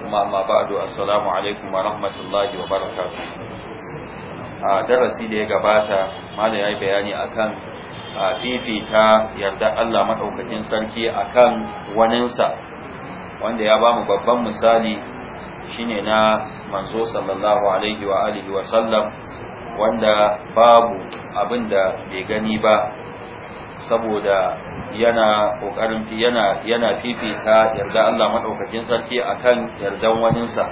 kuma amma ba'du assalamu alaikum wa rahmatullahi wa barakatuh a darasi da ya gabata malam ya yi bayani akan fifita yarda Allah madaukakin sarki akan waninsa wanda ya bamu babban misali shine na manzo sallallahu alaihi wa alihi wa sallam wanda babu abinda bai gani ba saboda yana kokarin yana yana fifita yarda Allah madaukakin sarki akan yardan waninsa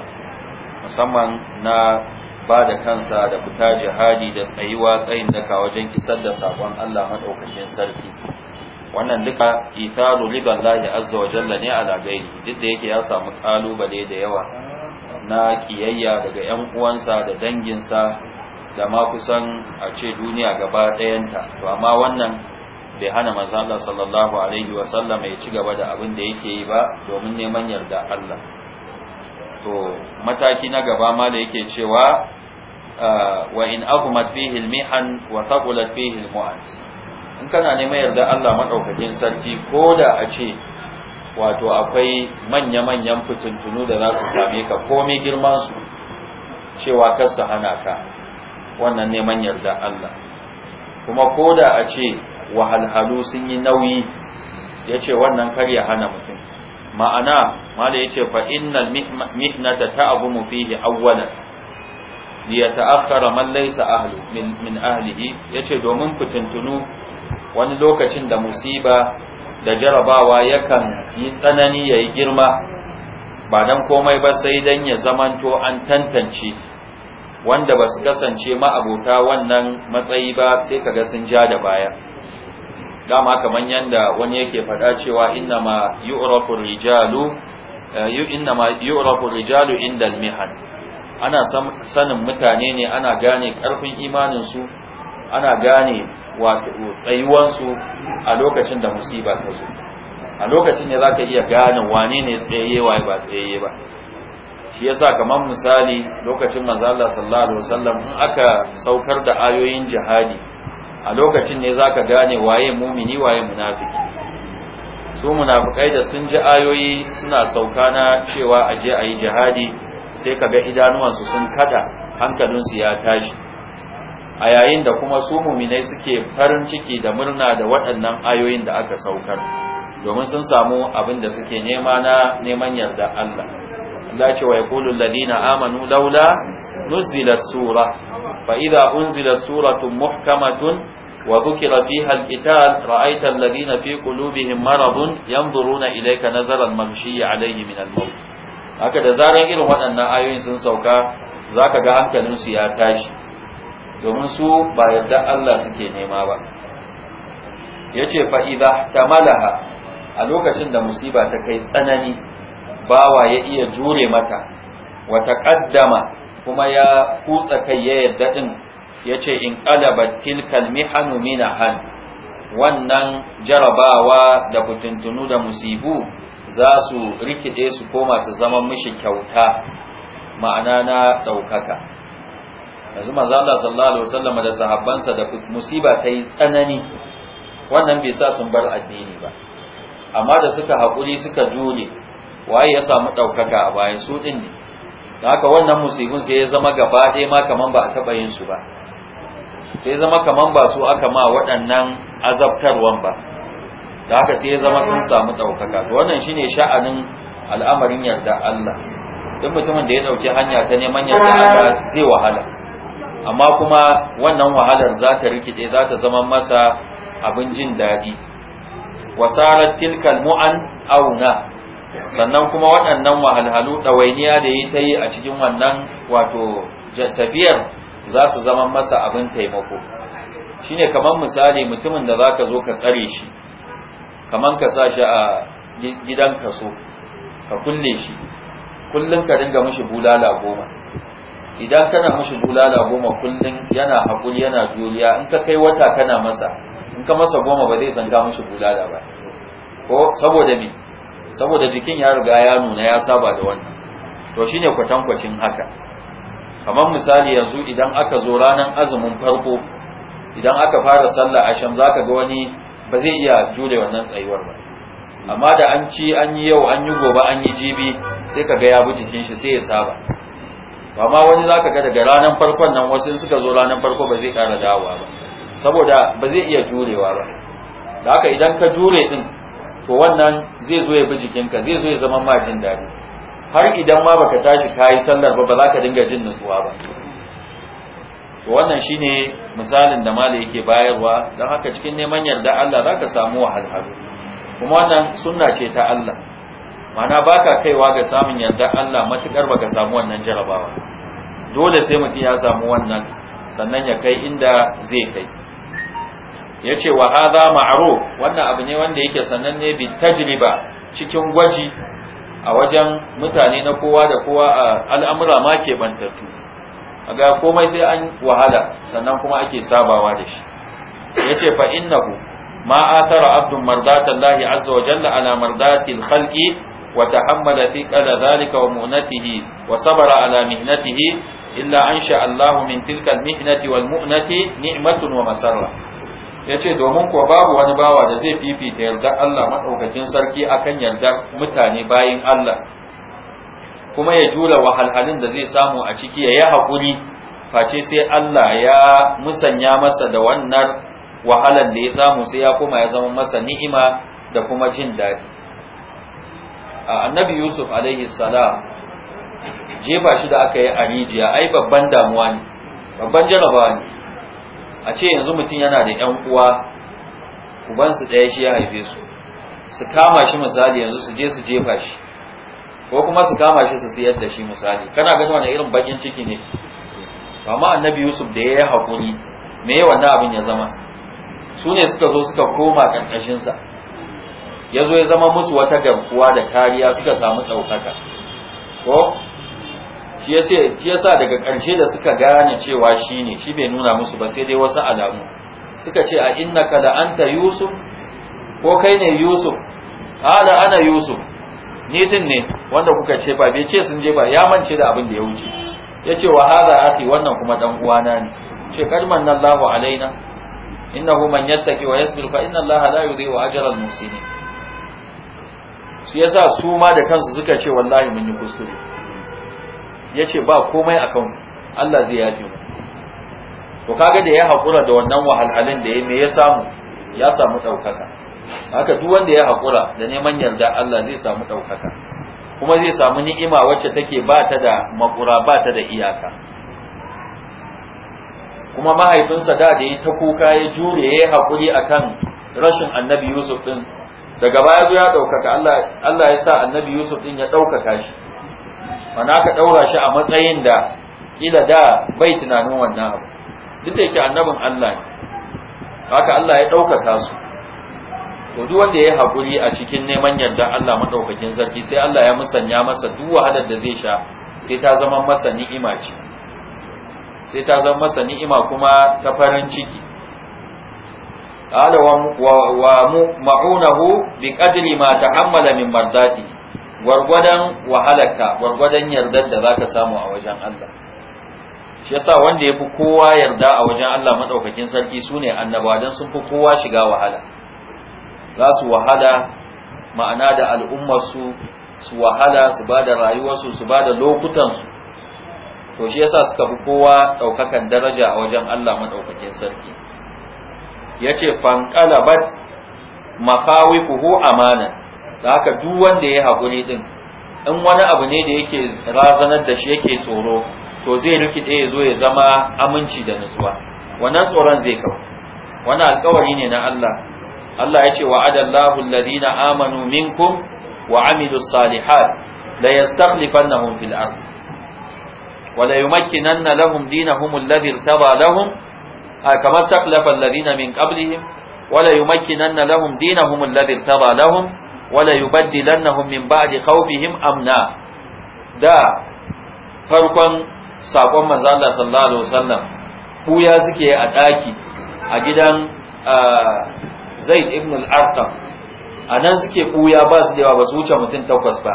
musamman na ba da kansa da fita jihadi da tsayuwa tsayin daka wajen kisar da sakon Allah madaukakin sarki wannan duka italu lillahi azza wa jalla ne ala gairi duk da yake ya samu kalubale da yawa na kiyayya daga yan uwansa da danginsa da ma kusan a ce duniya gaba ɗayanta to amma wannan bai hana manzon Allah sallallahu alaihi wa ya ci gaba da abin da yake yi ba domin neman yarda Allah to mataki na gaba ma da yake cewa ah, wa in aghmat fihi al wa thaqulat fihi in kana neman yarda Allah madaukakin sarki koda a ce wato akwai manya-manyan fitintunu da za su same ka komai girman su cewa kar su hana ka wannan neman yarda Allah kuma ko da a ce wahalhalu sun yi nauyi ya ce wannan kar ya hana mutum ma'ana mala ya ce fa'innal mihnata ta abu mufihi awwalan ya ta'akkara man laisa ahlu min ahlihi ya ce domin fitintunu wani lokacin da musiba da jarabawa yakan yi tsanani ya yi girma ba don komai ba sai dan ya zamanto an tantance wanda ba su kasance ma'abota wannan matsayi ba sai ka ga sun ja da baya dama kamar yanda wani yake faɗa cewa inna ma yu'rafu rijalu eh, inna ma yu'rafu rijalu inda al-mihan ana sanin mutane ne ana gane karfin imanin su ana gane wato tsayuwan su a lokacin da musiba ta zo a lokacin ne zaka iya gane wane ne tsayeye wa ba tsayeye ba shi yasa kamar misali lokacin manzo Allah sallallahu alaihi wasallam in aka saukar da ayoyin jihadi a lokacin ne zaka gane waye mumini waye munafiki su munafikai da sun ji ayoyi suna sauka na cewa a je a yi jihadi sai ka kaga idanuwansu sun kada su ya tashi a yayin da kuma su muminai suke farin ciki da murna da waɗannan ayoyin da aka saukar domin sun samu abin da suke nema na neman yarda Allah Allah ce wa yaqulu Ladina amanu laula nuzilar sura fa idza unzilat suratun muhkamatun wa dhukira fiha al-qital ra'aita alladhina fi qulubihim maradun yanzuruna ilayka nazara al-mamshi alayhi min al-maut haka da zaran irin waɗannan ayoyin sun sauka zaka ga su ya tashi domin su ba yarda Allah suke nema ba yace fa idza tamalaha a lokacin da musiba ta kai tsanani bawa ya iya jure mata wata ƙaddama kuma ya kutsa kai ya yadda ɗin ya ce in ƙalaba, tilkal mihanu mina han wannan jarabawa da kutuntunu da musibu za su rikide su koma su zama mishi kyauta ma'ana na ɗaukaka yanzu manzo Allah sallallahu alaihi wasallam da sahabbansa da musiba ta yi tsanani wannan bai sa sun bar addini ba amma da suka haƙuri suka jure waye ya samu ɗaukaka a baya su ɗin ne haka wannan musibin sai ya zama gaba ɗaya ma kaman ba a taɓa yin su ba sai zama kaman ba su aka ma waɗannan azabtarwan ba da haka sai ya zama sun samu ɗaukaka to wannan shine sha'anin al'amarin yarda Allah duk mutumin da ya ɗauki hanya ta neman yarda Allah zai wahala amma kuma wannan wahalar za ta rikide za ta zama masa abin jin daɗi wasarar tilkal mu'an auna sannan kuma waɗannan wahalhalu ɗawainiya da ya ta yi a cikin wannan wato tafiyar za su zama masa abin taimako shine kamar misali mutumin da zaka zo ka tsare shi kamar ka sa shi a gidan kaso ka kulle shi kullum ka dinga mashi bulala goma idan kana mashi bulala goma kullum yana haƙuri yana juriya in ka kai wata kana masa in ka masa goma ba zai zanga mashi bulala ba ko saboda me saboda jikin ya riga ya nuna ya saba da wannan to shine kwatankwacin haka kamar misali yanzu idan aka zo ranar azumin farko idan aka fara sallah a asham zaka ga wani ba zai iya jure wannan tsayuwar ba amma da an ci an yi yau an yi gobe an yi jibi sai ka ya bi jikin shi sai ya saba amma wani zaka ga daga ranar farkon nan wasu suka zo ranar farko ba zai ƙara dawowa ba saboda ba zai iya jurewa ba da haka idan ka jure din to wannan zai zo ya bi jikinka zai zo ya zama ma jin daɗi har idan ma baka tashi kayi sallar ba ba za ka dinga jin nutsuwa ba to wannan shine misalin da mala yake bayarwa don haka cikin neman yarda Allah za ka samu wahalhalu kuma wannan sunna ce ta Allah mana baka kaiwa ga samun yarda Allah matukar baka samu wannan jarabawa dole sai mutum ya samu wannan sannan ya kai inda zai kai ya ce wa haza ma'aro wannan abu ne wanda yake sananne bi tajriba cikin gwaji a wajen mutane na kowa da kowa a al'amura ma ke bantattu a ga komai sai an wahala sannan kuma ake sabawa da shi ya ce fa innahu ma atara abdun mardatan lahi azza wa jalla ala mardatil khalqi wa tahammala fi qala zalika wa mu'natihi wa sabara ala mihnatihi illa ansha Allahu min tilka al-mihnati wal mu'nati ni'matun wa masarra ya ce domin kuwa babu wani bawa da zai fifita yardar Allah maɗaukacin sarki akan yardar mutane bayin Allah kuma ya jura wahalhalin da zai samu a ciki ya yi haƙuri face sai Allah ya musanya masa da wannan wahalar da ya samu sai ya kuma ya zama masa ni'ima da kuma jin daɗi annabi yusuf alaihi salam jefa shi da aka yi a rijiya ai babban damuwa ne babban jarabawa ne a ce yanzu mutum yana da yan uwa ubansu ɗaya shi ya haife su su kama shi misali yanzu su je su jefa shi ko kuma su kama shi su siyar da shi misali kana ga wani irin bakin ciki ne amma annabi yusuf da ya yi me ya wannan abin ya zama su ne suka zo suka koma ƙarƙashinsa ya zo ya zama musu wata garkuwa da kariya suka samu ɗaukaka ko shi yasa daga ƙarshe da suka gane cewa shi ne shi bai nuna musu ba sai dai wasu alamu suka ce a ka la anta yusuf ko kai ne yusuf ala ana yusuf ni din ne wanda kuka ce ba bai ce sun je ba ya mance da abin da ya wuce ya ce wa hada akhi wannan kuma dan uwana ne ce kalman Allahu alaina innahu man yattaqi wa yasbir fa inna Allaha la yudhi'u ajra al-muhsinin shi yasa su ma da kansu suka ce wallahi mun yi kuskure ya ce ba komai a kan Allah zai yafe mu to kaga da ya haƙura da wannan wahalhalin da ya me ya samu ya samu ɗaukaka haka duk wanda ya haƙura da neman yarda Allah zai samu ɗaukaka kuma zai samu ni'ima wacce take ba ta da makura ba ta da iyaka kuma mahaifinsa da da ya ta kuka ya jure ya yi haƙuri akan rashin annabi yusuf din daga baya zo ya ɗaukaka Allah ya sa annabi yusuf ɗin ya ɗaukaka shi mana ka daura shi a matsayin da ƙila da bai tunanin wannan abu duk da yake annabin Allah ne haka Allah ya ɗaukaka su to duk wanda ya haƙuri a cikin neman yarda Allah madaukakin sarki sai Allah ya musanya masa duk wahalar da zai sha sai ta zama masa ni'ima ce sai ta zama masa ni'ima kuma ta farin ciki قال ومعونه بقدر ما تحمل min مرضاته gwargwadon wahalaka gwargwadon yardar da za zaka samu a wajen Allah shi yasa wanda ya fi kowa yarda a wajen Allah maɗaukakin sarki sune annabawa dan sun fi kowa shiga wahala za su wahala ma'ana da al'ummarsu su wahala su bada rayuwarsu su bada lokutan su to shi yasa suka fi kowa ɗaukakan daraja a wajen Allah maɗaukakin sarki Ya ce yace fanqalabat maqawifuhu amana da haka duk wanda ya haƙuri ɗin, in wani abu ne da yake razanar da shi yake tsoro to zai rikide ɗaya zo ya zama aminci da nutsuwa wannan tsoron zai kawo wani alkawari ne na Allah Allah ya ce wa'adallahu alladhina amanu minkum wa amilus salihat la yastakhlifannahum fil ardh wa la yumakkinanna lahum dinahum alladhi irtada lahum kama stakhlafa alladhina min qablihim wa la yumakkinanna lahum dinahum alladhi irtada lahum wala yubaddilannahum min ba'di khawfihim amna da farkon sakon manzo Allah sallallahu alaihi wasallam kuya suke a daki a gidan Zaid ibn al-Arqam anan suke kuya ba su da ba su wuce mutum takwas ba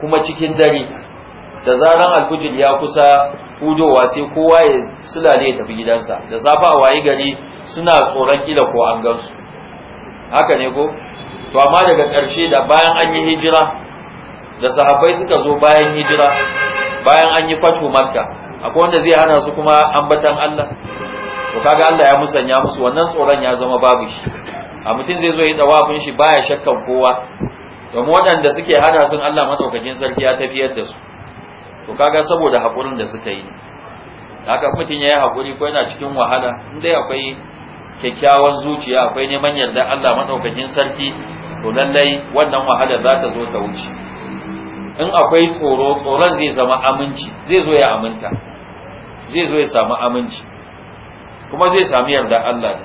kuma cikin dare da zaran alfujir ya kusa hudowa sai kowa ya sulale ya tafi gidansa da safa waye gari suna tsoron kila ko an gansu haka ne ko to amma daga ƙarshe da bayan an yi hijira da sahabbai suka zo bayan hijira bayan an yi fatu makka akwai wanda zai hana su kuma ambatan Allah to kaga Allah ya musanya musu wannan tsoron ya zama babu shi a mutum zai zo ya dawafin shi baya shakkan kowa domin waɗanda suke hana sun Allah madaukakin sarki ya tafiyar da su to kaga saboda hakurin da suka yi haka mutum ya yi haƙuri ko yana cikin wahala in dai akwai kyakkyawar zuciya akwai neman yarda Allah madaukakin sarki to lallai wannan wahalar za ta zo ta wuce in akwai tsoro tsoron zai zama aminci zai zo ya aminta zai zo ya samu aminci kuma zai sami yarda Allah da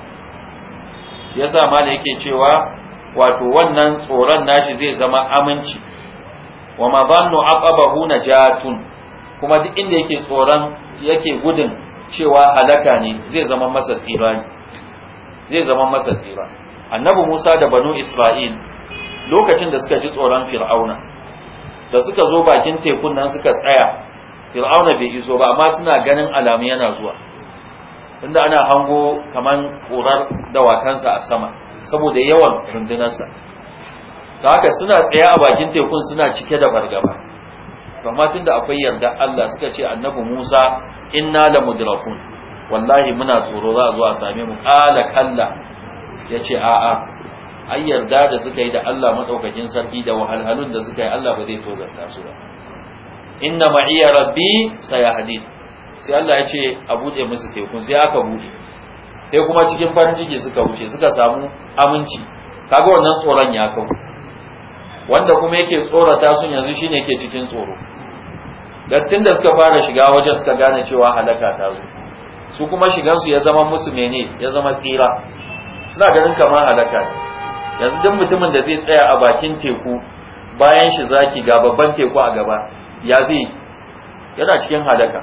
yasa ma da yake cewa wato wannan tsoron nashi zai zama aminci wa ma zannu aqabahu najatun kuma duk inda yake tsoron yake gudun cewa halaka ne zai zama masa tsira ne zai zama masa tsira annabi Musa da banu Isra'il lokacin da suka ji tsoron Fir'auna da suka zo bakin tekun nan suka tsaya Fir'auna bai iso ba amma suna ganin alamu yana zuwa inda ana hango kaman korar dawakansa a sama saboda yawan rundunarsa da haka suna tsaye a bakin tekun suna cike da fargaba amma tunda akwai yarda Allah suka ce annabi Musa inna lamudrakun wallahi muna tsoro za a zo a same mu kala kalla ya ce a'a ai yarda da suka yi da Allah maɗaukakin sarki da wahalhalun da suka yi Allah ba zai tozarta su ba inna ma'iya rabbi sayahdi sai Allah ya ce a buɗe musu teku sai aka buɗe sai kuma cikin farin ciki suka wuce suka samu aminci kaga wannan tsoron ya kawo. wanda kuma yake tsorata sun yanzu shine yake cikin tsoro dattin da suka fara shiga wajen suka gane cewa halaka ta zo su kuma shigansu ya zama musu mene ya zama tsira suna ganin kamar halaka yanzu duk mutumin da zai tsaya a bakin teku bayan shi zaki ga babban teku a gaba ya zai yana cikin halaka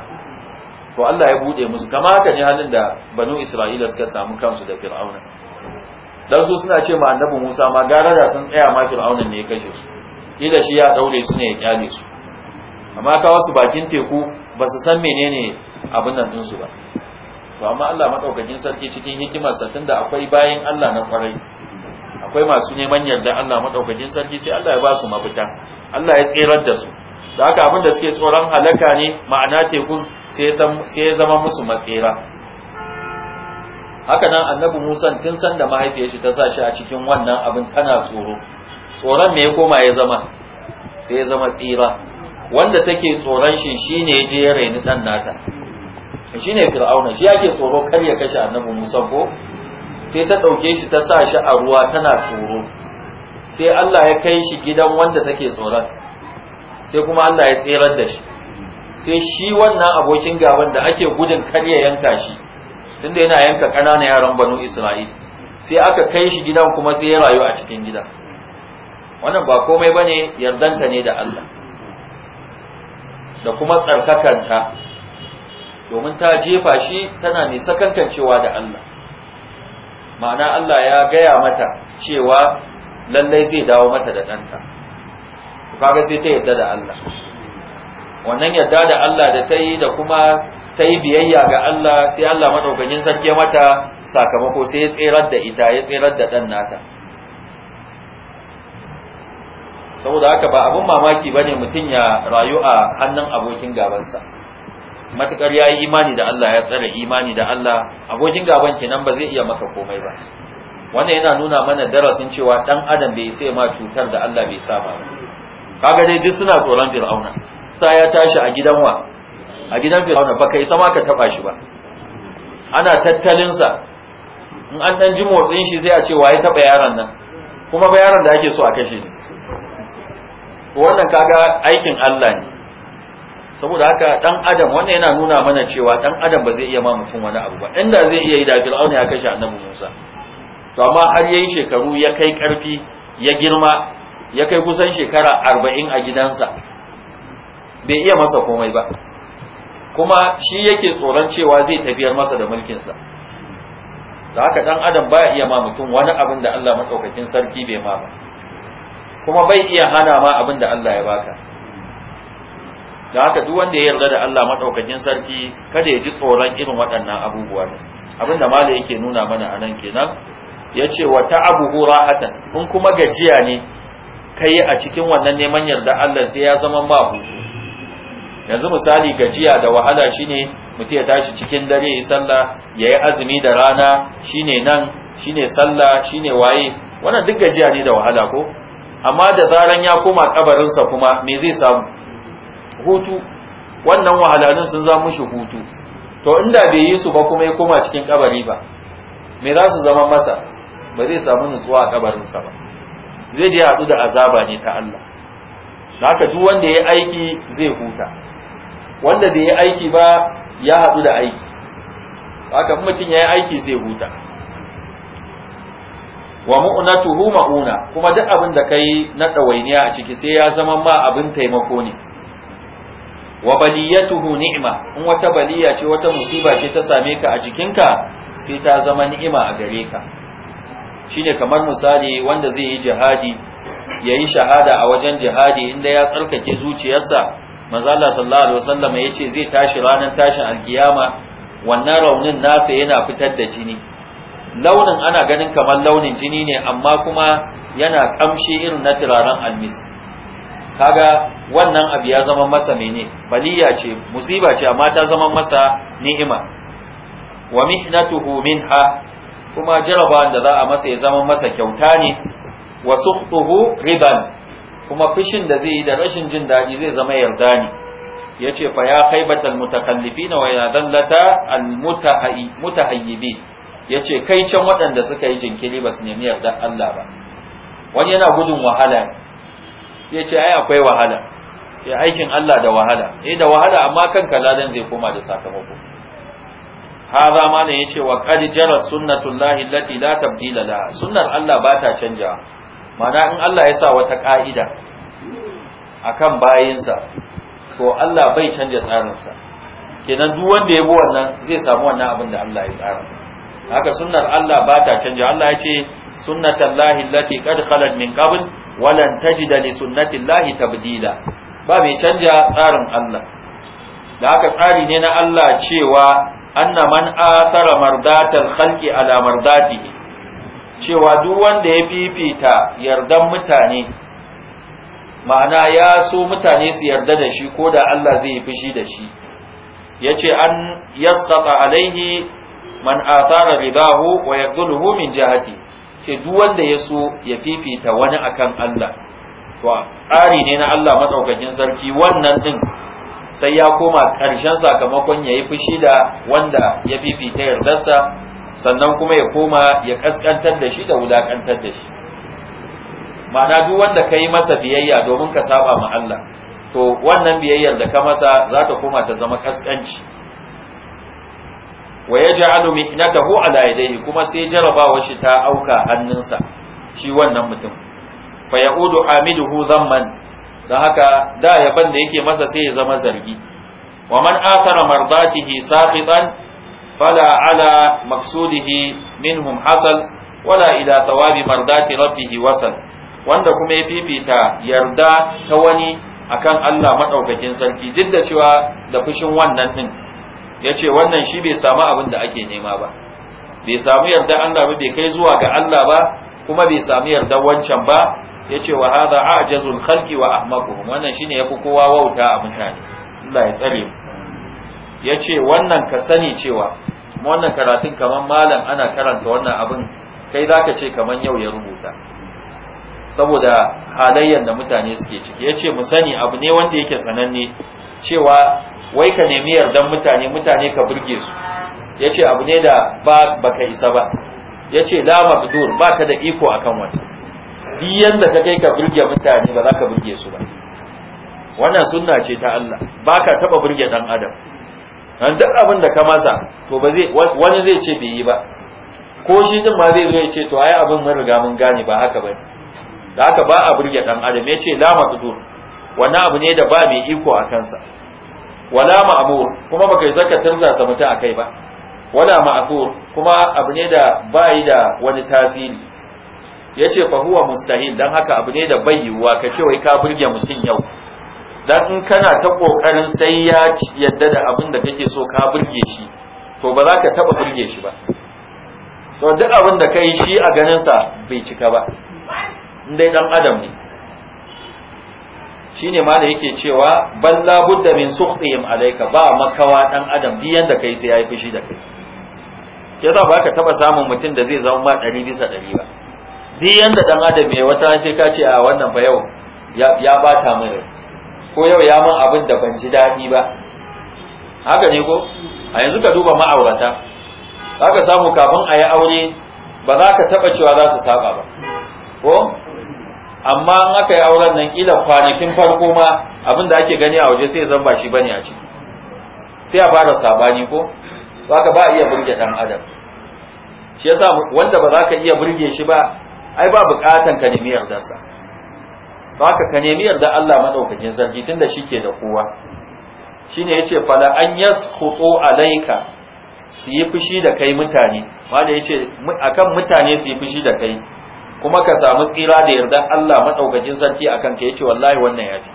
to Allah ya bude musu kamar haka ne halin da banu Isra'ila suka samu kansu da Fir'auna dan su suna ce ma annabi Musa ma gara da sun tsaya ma Fir'auna ne ya kashe su kila shi ya daure su ne ya kyale su amma ka wasu bakin teku ba su san menene abin nan ɗinsu ba to amma Allah madaukakin sarki cikin sa tunda akwai bayin Allah na kwarai akwai masu neman yarda Allah madaukakin sarki sai Allah ya ba su mafita Allah ya tserar da su da haka abin da suke tsoron halaka ne ma'ana tekun sai ya zama musu matsira. haka nan annabi musa tun san da mahaifiyar shi ta sa shi a cikin wannan abin tana tsoro tsoron me ya koma ya zama sai ya zama tsira wanda take tsoron shi shine ya je ya raini dan nata Shi ne fir'auna shi yake tsoro kar ya kashe annabi Musa ko sai ta ɗauke shi ta sa shi a ruwa tana tsoro sai Allah ya kai shi gidan wanda take tsoron sai kuma Allah ya tserar da shi sai shi wannan abokin gaban da ake gudun kar ya yanka shi tunda yana yanka ƙananan yaran banu Isra'il sai aka kai shi gidan kuma sai ya rayu a cikin gida wannan ba komai bane yardanta ne da Allah da kuma tsarkakanta domin ta jefa shi tana nisa kankancewa da Allah ma'ana Allah ya gaya mata cewa lallai zai dawo mata da ɗanta kaga sai ta yarda da Allah wannan yadda da Allah da ta yi da kuma ta yi biyayya ga Allah sai Allah maɗaukakin sarki mata sakamako sai ya tserar da ita ya tserar da ɗan nata saboda haka ba abin mamaki ba ne mutum ya rayu a hannun abokin gabansa matukar yi imani da Allah ya tsare imani da Allah abokin gaban kenan ba zai iya maka komai ba wannan yana nuna mana darasin cewa dan adam bai sai ma cutar da Allah bai saba ba kaga dai duk suna tsoron fir'auna sai ya tashi a gidan wa a gidan fir'auna ba kai sama ka taba shi ba ana tattalin sa in an dan ji motsin shi sai a ce waye taba yaron nan kuma ba yaron da ake so a kashe ne wannan kaga aikin Allah ne saboda haka dan adam wannan yana nuna mana cewa dan adam ba zai iya ma mutum wani abu ba inda zai iya yi da fir'auna ya kashe annabi Musa to amma har yayi shekaru ya kai karfi ya girma ya kai kusan shekara arba'in a gidansa bai iya masa komai ba kuma shi yake tsoron cewa zai tafiyar masa da mulkinsa da haka dan adam ya iya ma mutum wani abin da Allah madaukakin sarki bai ma ba kuma bai iya hana ma abin da Allah ya baka da haka duk wanda ya yarda da Allah madaukakin sarki kada ya ji tsoron irin waɗannan abubuwa ne abinda malai yake nuna mana a nan kenan yace wa ta'abuhu rahatan in kuma gajiya ne kai a cikin wannan neman yarda Allah sai ya zama ba yanzu misali gajiya da wahala shine mutum ya tashi cikin dare ya sallah ya yi azumi da rana shine nan shine sallah shine waye wannan duk gajiya ne da wahala ko amma da zaran ya koma kabarinsa kuma me zai samu hutu wannan wahalalun sun zama mushi hutu to inda bai yi su ba kuma ya koma cikin kabari ba me za su zama masa ba zai samu nutsuwa a kabarinsa ba zai je haɗu da azaba ne ta Allah haka duk wanda ya aiki zai huta wanda bai yi aiki ba ya haɗu da aiki haka mutum ya yi aiki zai huta wa mu'natuhu ma'una kuma duk abin da kai na ɗawainiya a ciki sai ya zama ma abin taimako ne wa baliyatuhu ni'ma in wata baliya ce wata musiba ce ta same ka a jikinka sai ta zama ni'ima a gare ka shine kamar misali wanda zai yi jihadi yayi shahada a wajen jihadi inda ya tsarkake zuciyarsa manzo Allah sallallahu alaihi wasallam yace zai tashi ranar tashin alkiyama wannan raunin nasa yana fitar da jini launin ana ganin kamar launin jini ne amma kuma yana kamshi irin na turaren almis kaga wannan abu ya zama masa mene baliya ce musiba ce amma ta zama masa ni'ima wa mihnatuhu minha kuma jarabawan da za a masa ya zama masa kyauta ne wa suqtuhu riban kuma fishin da zai yi da rashin jin daɗi zai zama yarda ne yace fa ya khaybatal mutakallifina wa ya dallata al mutahayyibi yace kai can waɗanda suka yi jinkiri ba su nemi yarda Allah ba wani yana gudun wahala yace ai akwai wahala ya aikin Allah da wahala eh da wahala amma kanka ladan zai koma da sakamako hadha ma ne yace wa qad jarat sunnatullahi allati la tabdila la? sunnar Allah ba ta canja mana in Allah ya sa wata ka'ida akan bayinsa to Allah bai canja tsarinsa kenan duk wanda ya bi wannan zai samu wannan abin da Allah ya tsara haka sunnar Allah ba ta canja Allah ya ce sunnatullahi allati qad khalat min qabl walan tajida li sunnatillahi tabdila ba mai canja tsarin Allah da haka tsari ne na Allah cewa anna man athara mardatal khalqi ala mardati cewa duk wanda ya fifita yardan mutane ma'ana ya so mutane su yarda da shi ko da Allah zai yi fushi da shi yace an yasqata alaihi man athara ridahu wa yaqduluhu min jihati ce duk wanda ya so ya fifita wani akan Allah to tsari ne na Allah madaukakin sarki wannan din sai ya koma ƙarshen sakamakon ya yi fushi da wanda ya fifita yardarsa sannan kuma ya koma ya ƙasƙantar da shi da wulaƙantar da shi ma'ana duk wanda ka yi masa biyayya domin ka saba ma Allah to wannan biyayyar da ka masa za ta koma ta zama ƙasƙanci wa ya ja'alu mihnatahu ala yadayhi kuma sai jarabawa shi ta auka hannunsa shi wannan mutum fa ya'udu hamiduhu zamman da haka da yaban da yake masa sai ya zama zargi wa man athara mardatihi saqitan fala ala maqsudihi minhum hasal wala ila thawabi mardati rabbihi wasal wanda kuma ya fifita yarda ta wani akan Allah madaukakin sarki duk da cewa da fushin wannan din yace wannan shi bai samu abin da ake nema ba bai samu yarda Allah ba bai kai zuwa ga Allah ba kuma bai samu yarda wancan ba yace wa a ajazul khalqi wa ahmaquhum wannan shine yafi kowa wauta a mutane Allah ya tsare yace wannan ka sani cewa wannan karatun kaman malam ana karanta wannan abin kai zaka ce kaman yau ya rubuta saboda halayyar da mutane suke ciki yace mu sani abu ne wanda yake sananne cewa wai ka nemi yardan mutane mutane ka burge su yace abu ne da ba baka isa ba yace la mabdur baka da iko akan wata duk da ka kai ka burge mutane ba za ka burge su ba wannan sunna ce ta Allah ba ka taba burge ɗan adam dan duk abin da ka masa to ba zai wani zai ce bai yi ba ko shi din ma zai zo ya ce to ai abin mun riga mun gane ba haka ba da haka ba a burge ɗan adam ya ce la maqdur wannan abu ne da ba mai iko a kansa wala ma'mur kuma baka yi zakatar zasa mutu akai ba wala ma'mur kuma abu ne da bai da wani tasiri yace fa huwa mustahil dan haka abu ne da bai yiwuwa ka ce wai ka burge mutum yau dan in kana ta kokarin sai ya yadda da abin da kake so ka burge shi to ba za ka taba burge shi ba to duk abin da kai shi a ganin bai cika ba in dai dan adam ne shine ma da yake cewa ban la budda min suqtihim alayka ba makawa dan adam bi yanda kai sai yayi fushi da kai yasa ba ka taba samun mutum da zai zama ma 100 bisa 100 ba duk yanda dan adam ya wata sai ka ce a wannan fa yau ya bata min rai ko yau ya min abin da ban ji daɗi ba haka ne ko a yanzu ka duba ma'aurata za samu kafin a yi aure ba za ka taɓa cewa za su saba ba ko amma in aka yi auren nan kila kwanakin farko ma abin da ake gani a waje sai zan ba shi bane a ciki sai a fara sabani ko za ba iya burge dan adam shi yasa wanda ba za ka iya burge shi ba ai ba bukatan ka nemi yardarsa ba ka ka nemi yarda Allah madaukakin sarki tunda shike da kowa shine yace fala an yaskhutu alayka su yi fushi da kai mutane wanda yace akan mutane su yi fushi da kai kuma ka samu tsira da yardan Allah madaukakin sarki akan ka yace wallahi wannan ya ce.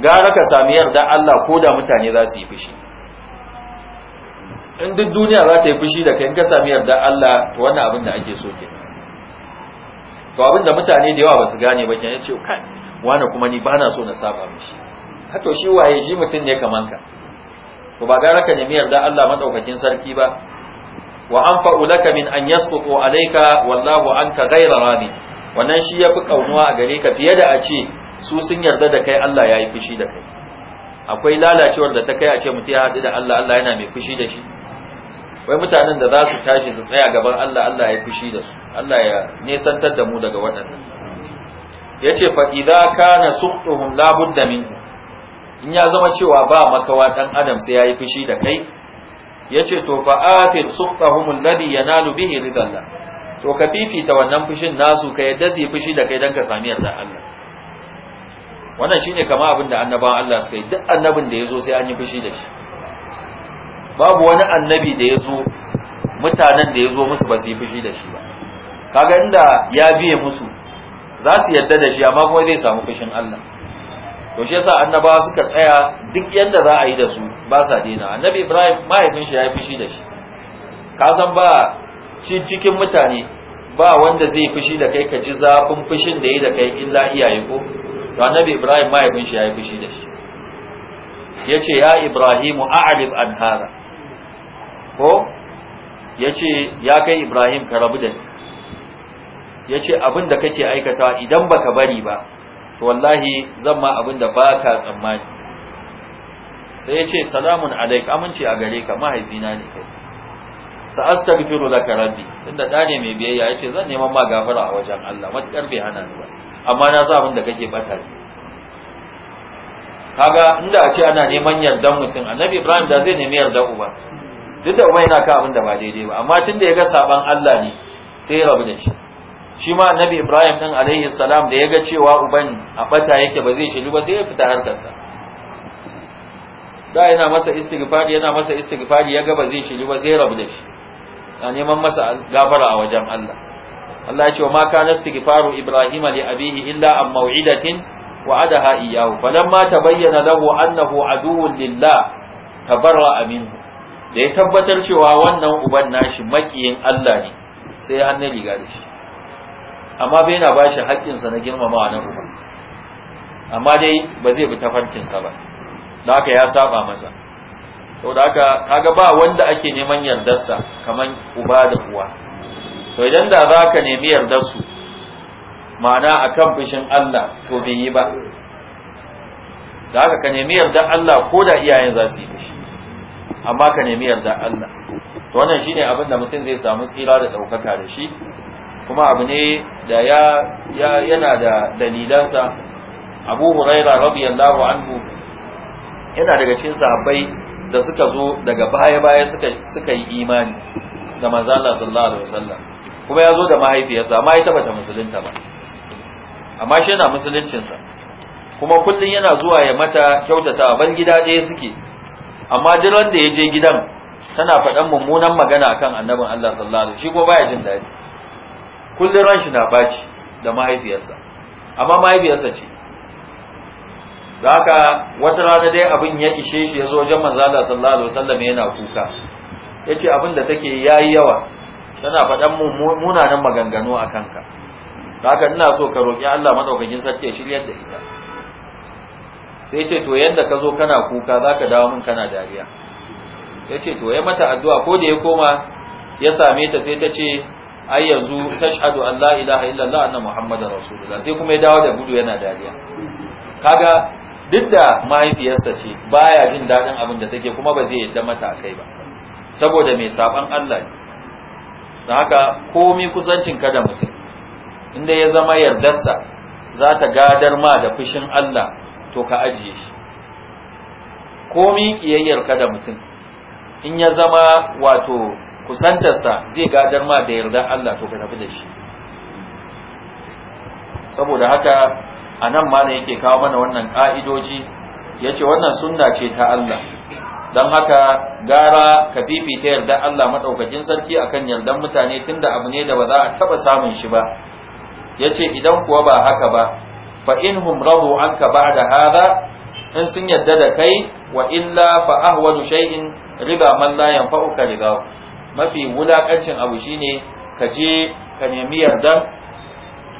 gara ka sami yardan Allah ko da mutane za su yi fushi in duk duniya za ta yi fushi da kai in ka sami yardan Allah to wannan abin da ake so kenan to abinda mutane da yawa ba su gane ba kenan yace kai wani kuma ni bana so na saba mishi shi. Hato shi waye shi mutum ne kaman ka to ba gara ka nemi yarda Allah madaukakin sarki ba wa anfa'u laka min an yasqutu alayka wallahu anka ghayra wannan shi yafi kaunuwa a gare ka fiye da a ce su sun yarda da kai Allah ya yi fushi da kai akwai lalacewar da ta kai a ce mutum ya haɗu da Allah Allah yana mai fushi da shi wai mutanen da za su tashi su tsaya gaban Allah Allah ya fushi da su Allah ya nesantar da mu daga waɗannan yace fa idza kana suhtuhum la budda minhu in ya zama cewa ba makawa dan adam sai yayi fushi da kai yace to fa afir suhtahum alladhi yanalu bihi ridallah to ka fifita wannan fushin nasu ka yadda su fushi da kai dan ka sami yarda Allah wannan shine kama abin da annabawan Allah suka duk annabin da ya zo sai an yi fushi da shi babu wani annabi da ya zo mutanen da ya zo musu ba su yi fushi da shi ba kaga inda ya biye musu za su yadda da shi amma kuma zai samu fushin Allah to shi yasa annabawa suka tsaya duk yadda za a yi da su ba sa daina annabi Ibrahim mahaifin shi ya yi fushi da shi ka san ba cikin mutane ba wanda zai fushi da kai ka ji zafin fushin da yi da kai illa iyaye ko to annabi Ibrahim mahaifin shi ya yi fushi da shi yace ya ibrahim a'rif an hada ko ya ce ya kai ibrahim ka rabu da ni ya ce abin da kake aikata, idan baka bari ba to wallahi zan ma abin da baka tsammani sai ya ce salamun alaik amince a gare ka mahaifina ne kai sa astaghfiru laka rabbi tunda da ne mai biyayya ya ce zan neman ma gafara a wajen Allah matakar bai hana ni ba amma na sa abin da kake bata ne kaga inda a ce ana neman yardan mutum annabi ibrahim da zai nemi yardan uba duk da uba yana ka abin da ba daidai ba amma tun da ya ga saban Allah ne sai ya rabu da shi shi ma annabi Ibrahim din alaihi salam da ya ga cewa uban a bata yake ba zai shiru ba sai ya fita sa. da yana masa istighfari yana masa istighfari ya ga ba zai shiru ba sai ya rabu da shi a neman masa gafara a wajen Allah Allah ya ce wa ma kana istighfaru Ibrahim li abihi illa an maw'idatin wa'adaha iyyahu falamma tabayyana lahu annahu aduwwun lillah tabarra minhu da ya tabbatar cewa wannan uban nashi makiyin Allah ne sai an hannun riga da shi amma bai na bashi haƙƙinsa na girmamawa na uba amma dai ba zai bi tafarkinsa ba da haka ya saba masa to da haka kaga ba wanda ake neman yardarsa kaman uba da uwa to idan da za ka nemi yardarsu ma'ana akan fushin Allah to bai yi ba da haka ka nemi yardar Allah ko da iyayen za su yi fushi amma ka nemi yarda Allah to wannan shine abin da mutum zai samu tsira da ɗaukaka da shi kuma abu ne da ya yana da dalilansa abu huraira radiyallahu anhu yana daga cikin sahabbai da suka zo daga baya baya suka suka yi imani da manzo Allah sallallahu alaihi wasallam kuma ya zo da mahaifiyarsa amma ita bata musulunta ba amma shi yana Musuluncinsa. kuma kullun yana zuwa ya mata kyautata ban gida ɗaya suke amma duk wanda ya je gidan tana faɗan mummunan magana akan annabin Allah sallallahu alaihi shi ko baya jin daɗi kullun ran shi na baci da mahaifiyarsa amma mahaifiyarsa ce da haka wata rana dai abin ya ishe shi ya zo wajen manzo Allah sallallahu alaihi wasallam yana kuka yace abin da take yayi yawa tana faɗan munanan maganganu akan ka haka ina so ka roƙi Allah madaukakin sarki ya shiryar da ita sai ce to yadda ka zo kana kuka za ka dawo min kana dariya ya ce to ya mata addu'a ko da ya koma ya same ta sai ta ce ai yanzu tashhadu an la ilaha illallah anna muhammadar rasulullah sai kuma ya dawo da gudu yana dariya kaga duk da mahaifiyarsa ce baya jin daɗin abin da take kuma ba zai yadda mata sai ba saboda mai saban Allah ne da haka komai kusancin ka da mutum inda ya zama yardarsa za ta gadar ma da fushin Allah to ka ajiye shi komi kiyayyar ka da mutum in ya zama wato kusantarsa zai gadar ma da yarda Allah to ka tafi da shi saboda haka a nan ma yake kawo mana wannan ƙa'idoji ya ce wannan sunna ce ta Allah don haka gara ka fifita yarda Allah maɗaukakin sarki akan yardan mutane tunda abu ne da ba za a taɓa samun shi ba ya ce idan kuwa ba haka ba fa in hum radu anka ba'da hadha in sun yadda da kai wa illa fa ahwanu shay'in riba man la yanfa'uka riba mafi wulakancin abu shine ka je ka nemi yarda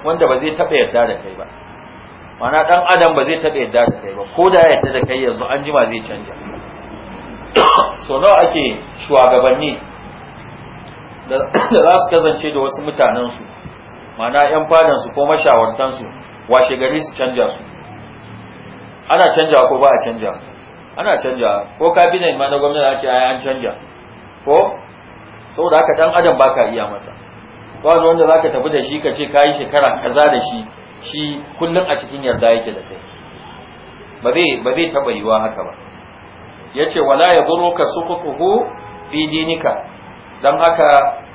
wanda ba zai taɓa yarda da kai ba mana dan adam ba zai taɓa yarda da kai ba ko da yarda da kai yanzu an jima zai canja so nawa ake shugabanni da za su kasance da wasu mutanensu mana 'yan su ko mashawartansu washe gari su canja su ana canja ko ba a canja ana canja ko kabinet ma na gwamnati ake ai an canja ko saboda haka dan adam baka iya masa ba wani wanda zaka tafi da shi ka ce kai shekara kaza da shi shi kullum a cikin yarda yake da kai ba zai ba zai taba yiwa haka ba yace wala yadurruka suquhu fi dinika dan haka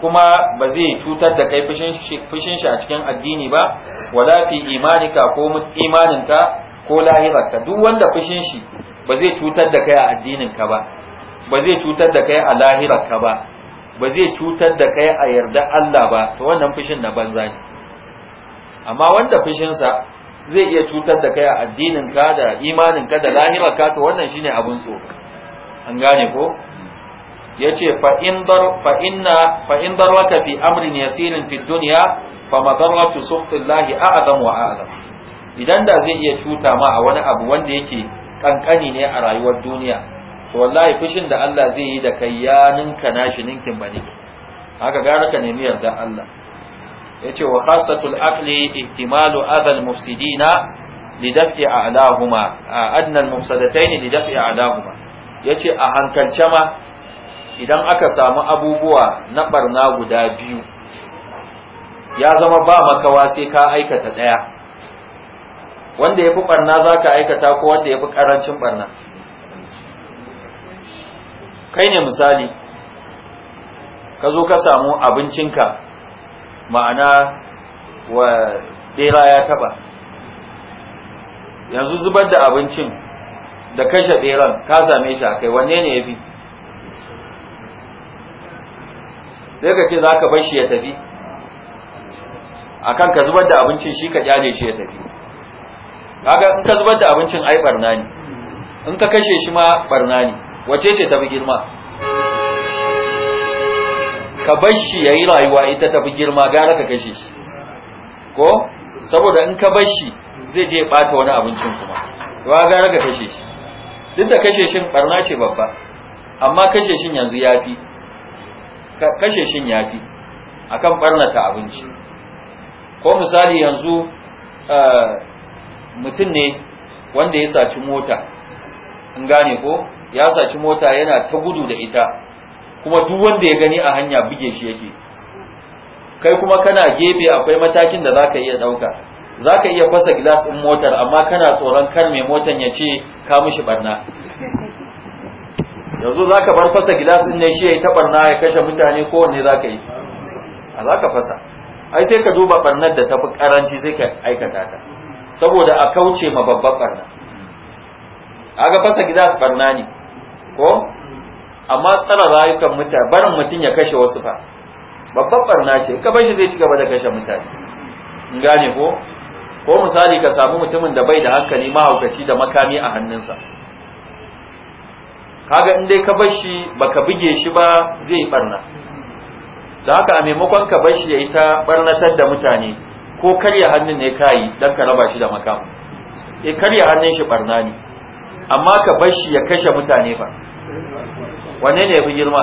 kuma ba zai cutar da kai fushin shi a cikin addini ba wala fi imanika ko imaninka ko lahirarka duk wanda fushin shi ba zai cutar da kai a addininka ba ba zai cutar da kai a lahirarka ba ba zai cutar da kai a yarda Allah ba to wannan fushin na banza ne amma wanda fushinsa zai iya cutar da kai a addininka da imaninka da lahirarka to wannan shine abun tsoro an gane ko yace fa in dar fa inna fa in darraka fi amrin yasirin fi dunya fa madarratu suhtillahi a'zam wa a'zam idan da zai iya cuta ma a wani abu wanda yake kankani ne a rayuwar duniya to wallahi fushin da Allah zai yi da kai ya ninka nashi ninkin ba haka gara ka nemi yarda Allah yace wa khasatul aqli ihtimalu adha mufsidina lidaf'i a'lahuma adna al mufsadatayn lidaf'i a'lahuma yace a hankalce ma idan aka samu abubuwa na barna guda biyu ya zama ba makawa sai ka aikata ɗaya wanda yafi barna zaka aikata ko wanda yafi fi ƙarancin barna kai ne misali ka zo ka samu abincinka ma'ana wa ɗera ya taba yanzu zubar da abincin da kashe beran ka same shi a kai wanne ne ya fi sai ka ce za ka bar shi ya tafi akan ka zubar da abincin shi ka kyale shi ya tafi kaga in ka zubar da abincin ai barna ne in ka kashe shi ma barna ne wace ce tafi girma ka bar shi yayi rayuwa ita tafi girma gara ka kashe shi ko saboda in ka bar shi zai je bata wani abincin kuma to gara ka kashe shi duk da kashe shin barna ce babba amma kashe shin yanzu yafi kashe shin yafi kan barnata abinci ko misali yanzu eh, mutum ne wanda ya saci mota in gane ko ya saci mota yana ta gudu da ita kuma duk wanda ya gani a hanya buge shi yake kai kuma kana gefe akwai matakin da zaka iya dauka zaka iya fasa gilas ɗin motar amma kana tsoron kan mai motar ya ce ka mishi ɓarna. yanzu za ka bar fasa sun ne shi ya yi taɓarna ya kashe mutane kowanne za ka yi a za ka fasa ai sai ka duba ɓarnar da ta fi ƙaranci sai ka aikata ta saboda a kauce ma babban A ga fasa gilas ɓarna ne ko amma tsara rayukan mutane barin mutum ya kashe wasu fa babban ɓarna ce ka bashi shi zai ci gaba da kashe mutane in gane ko ko misali ka samu mutumin da bai da hankali mahaukaci da makami a hannunsa kaga in dai ka bar shi baka buge shi ba zai yi barna don haka a maimakon ka bar shi ya yi ta barnatar da mutane ko karya hannun ne ka yi don ka raba shi da makamu e karya hannun shi barna ne amma ka bar shi ya kashe mutane ba wanne ne ya fi girma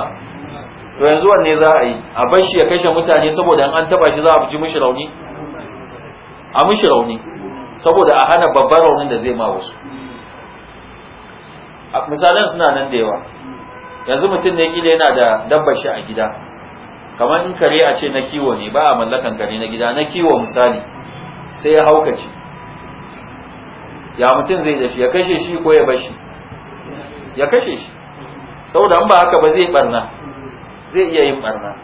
to yanzu wanne za a yi a bar shi ya kashe mutane saboda an taba shi za a ji mishi rauni a mishi rauni saboda a hana babban raunin da zai ma wasu misalan suna nan da yawa yanzu mutum ne kila yana da dabbar shi a gida kamar in kare a ce na kiwo ne ba a mallakan kare na gida na kiwo misali sai ya haukace ya mutum zai da shi ya kashe shi ko ya bashi ya kashe shi saboda in ba haka ba zai barna zai iya yin barna